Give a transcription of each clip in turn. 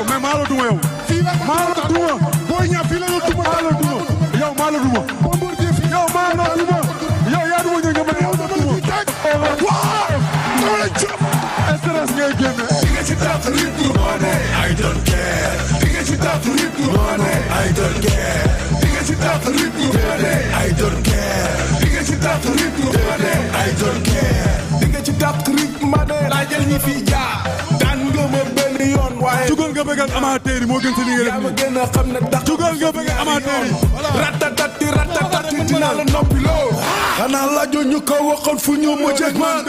ko mais maa la duma yow. maa la duma booy ñaa fii la la duma. maa la duma yow maa la duma. yow maa la duma yow yaa duma ñu nga ma yow dama la ci teg. waaw dama la jëm. stress ngay génne. di nga ci tàtt rip du ngoone. I don't care. di nga ci tàtt rip du ngoone. I don't care. di nga ci tàtt rip du ngoone. I don't care. di nga ci tàtt rip du ngoone. I don't care. di nga ci tàtt rip ma ne. laa jël ñi fii nga bëggal yi moo gën si li nga def nii. gën a xam ne tax jugal nga bëggal amateur yi. ratatati ratatati dinaa la noppi loo. Ah. xanaa laajoo ñu ko waxoon fu ñu mujjee man.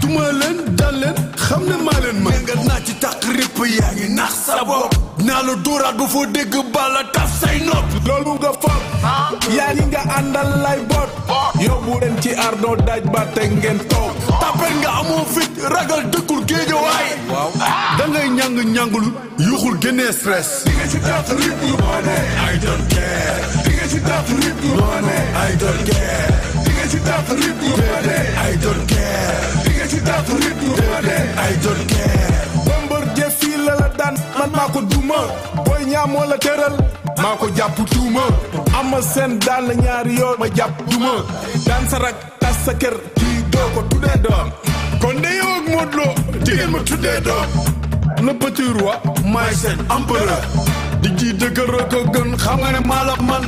tuma leen dal leen xam ne maa leen mën. nga naa ci tax ripp yaa ngi nax sa bopp. naa la dóoraat bu foo dégg bala taf say nopp. loolu nga foog. Ah. yaa ngi nga àndal lay bot. yóbbu leen ci ardo daj ba te ngeen toog. nga amo fit ragal da ngay yuxul gene stress. I don't care. I don't care. I don't care. I don't care. je la duma boy la tuuma ama duma sa rak tas sa Modou Lo ma tuddee doom le petit roi maay seen empereur di ji dëgër ko gën xam nga ne maa man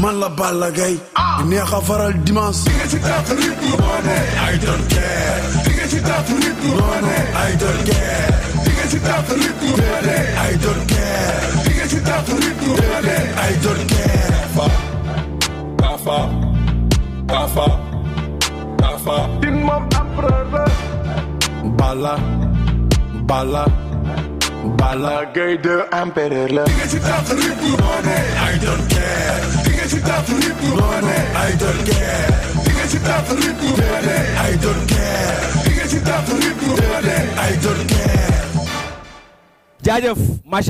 man la Balla Gaye ah. neex faral dimanche di ci tàq nit lu boone I don't care di ci tàq nit lu boone I don't care di ci tàq nit lu boone I don't care di ci tàq nit lu boone I don't care fa kafa kafa kafa din moom empereur bala bala bala Gaye la. di nga ci taf rip moo ne. I